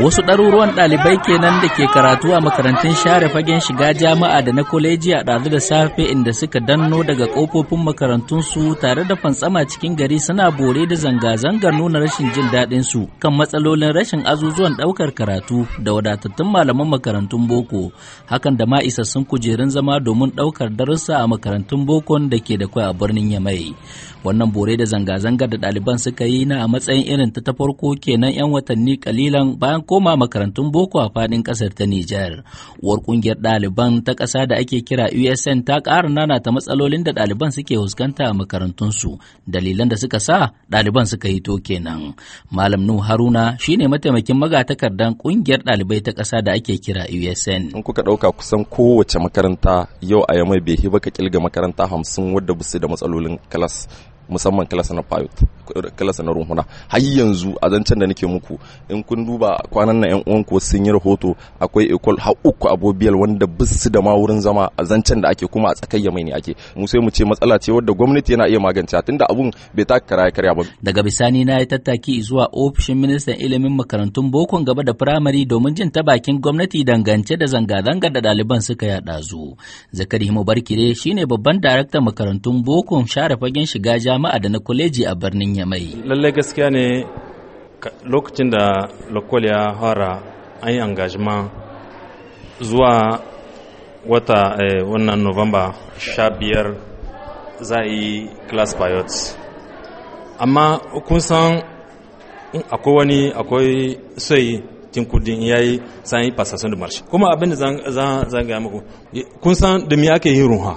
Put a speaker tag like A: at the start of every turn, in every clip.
A: Wasu ɗaruruwan ɗalibai kenan da ke karatu a makarantun share fagen shiga jami'a da na koleji a ɗazu da safe inda suka danno daga ƙofofin makarantunsu tare da fantsama cikin gari suna bore da zanga-zangar nuna rashin jin daɗin su kan matsalolin rashin azuzuwan ɗaukar karatu da wadatattun malaman makarantun boko hakan da ma isassun kujerun zama domin ɗaukar darussa a makarantun boko da ke da kwai a birnin Yamai. Wannan bore da zanga-zangar da ɗaliban suka yi na a matsayin irin ta ta farko kenan 'yan watanni kalilan bayan an koma makarantun boko a fadin kasar ta Nijar. Uwar kungiyar ɗaliban ta ƙasa da ake kira USN ta ƙara ta matsalolin da ɗaliban suke fuskanta a makarantunsu, dalilan da suka sa ɗaliban suka hito kenan. Malam Nuhu Haruna shine mataimakin magatakardan kungiyar ɗalibai ta ƙasa da ake kira USN. In
B: kuka ɗauka kusan kowace makaranta yau a yamai bai ba ka ƙilga makaranta hamsin wadda busu da matsalolin kalas musamman kalas na kala sanar runhuna har yanzu a zancen da nake muku in kun duba kwanan na yan uwan ko sun yi rahoto akwai ekol har uku abobiyal wanda bisu da ma wurin zama a zancen da ake kuma a tsakayya mai ne ake mu sai ce matsala ce wadda gwamnati yana iya magance tunda abun bai ta kara karya ba
A: daga bisani na yi tattaki zuwa ofishin ministan ilimin makarantun bokon gaba da firamare domin jin ta bakin gwamnati dangance da zanga-zangar da ɗaliban suka yada zu zakari mubarkire shine babban daraktan makarantun bokon share fagen shiga jama'a da na kwaleji a birnin birnin mai.
C: Lalle gaskiya ne lokacin da lokwal ya fara an yi engagement zuwa wata eh, wannan Nuwamba sha biyar za a yi class pilots. Amma kun san akwai wani akwai sai tin kudin ya yi san yi da marshi kuma abin da zan gaya muku kun san da me ake yin ruha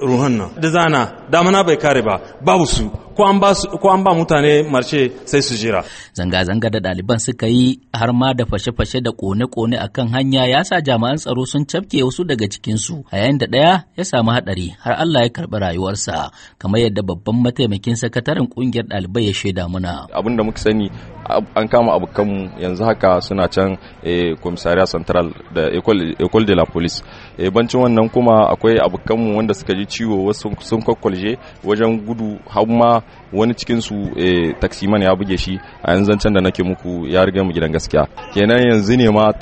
A: ruhan nan da zana damana bai kare ba babu su ko an ba mutane marshe sai su jira. Zanga-zanga da ɗaliban suka yi har ma da fashe-fashe da kone-kone a kan hanya ya sa jami'an tsaro sun cafke wasu daga cikinsu a yayin da ɗaya ya samu haɗari har Allah ya karɓi rayuwarsa kamar yadda babban mataimakin sakataren ƙungiyar ɗalibai ya shaida muna.
B: Abin da muka sani an kama abokanmu yanzu haka suna can komisariya eh, central da ecole de la police eh, bancin wannan kuma akwai abokanmu wanda suka ji ciwo wasu sun kwakwalje wajen gudu har ma wani cikin su eh, man ya buge shi a yanzu zancen da nake muku ya riga mu gidan gaskiya kenan yanzu ne ma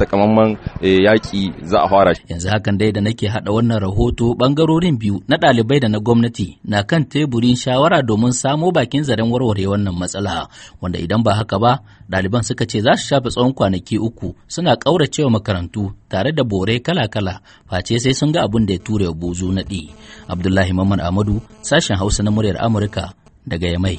A: eh, yaki za a fara yanzu hakan dai da nake hada wannan rahoto bangarorin biyu na ɗalibai da na gwamnati na kan teburin shawara domin samo bakin zaren warware wannan matsala wanda idan ba haka ba ɗaliban suka ce za su shafe tsawon kwanaki uku suna ƙauracewa makarantu tare da bore kala-kala face sai sun ga abin da ya ture buzu naɗi abdullahi mamman amadu sashen hausa na muryar amurka daga Yamai.